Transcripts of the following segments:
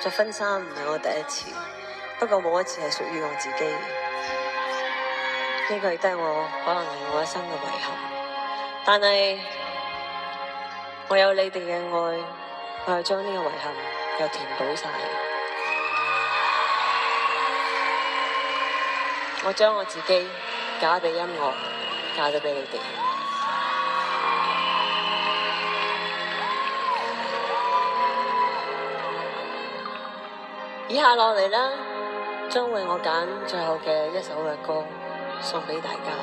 着婚紗唔係我第一次，不過冇一次係屬於我自己的。呢、這個也係我可能係我一生嘅遺憾，但係我有你哋嘅愛，我係將呢個遺憾又填補曬。我將我自己嫁俾音樂，嫁咗俾你哋。以下落嚟啦，將為我揀最後嘅一首嘅歌，送俾大家。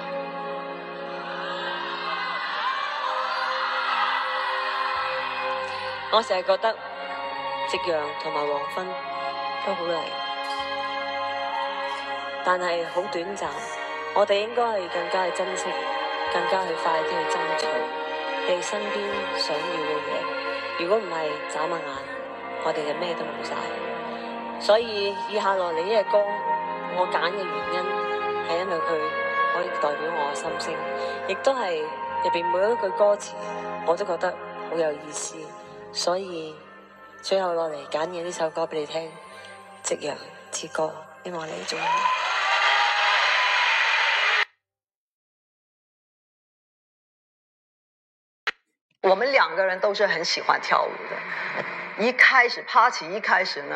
我成日覺得 夕陽同埋黃昏都好靚，但係好短暫。我哋應該係更加去珍惜，更加去快啲去爭取，你身邊想要嘅嘢。如果唔係眨下眼，我哋就咩都冇晒。所以以下落嚟呢隻歌，我揀嘅原因係因為佢可以代表我嘅心聲，亦都係入邊每一句歌詞我都覺得好有意思。所以最後落嚟揀嘅呢首歌俾你聽《夕陽之歌》，希望你中意。我們兩個人都是很喜歡跳舞的，一開始 party 一開始呢。